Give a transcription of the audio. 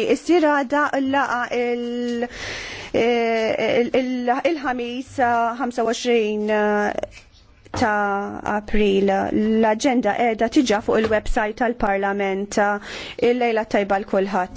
Is-sirada Issir għada laqa il-ħamis 25 ta' april l-agenda edha tiġa fuq il-websajt tal-parlament il-lejla tajba l-kulħat.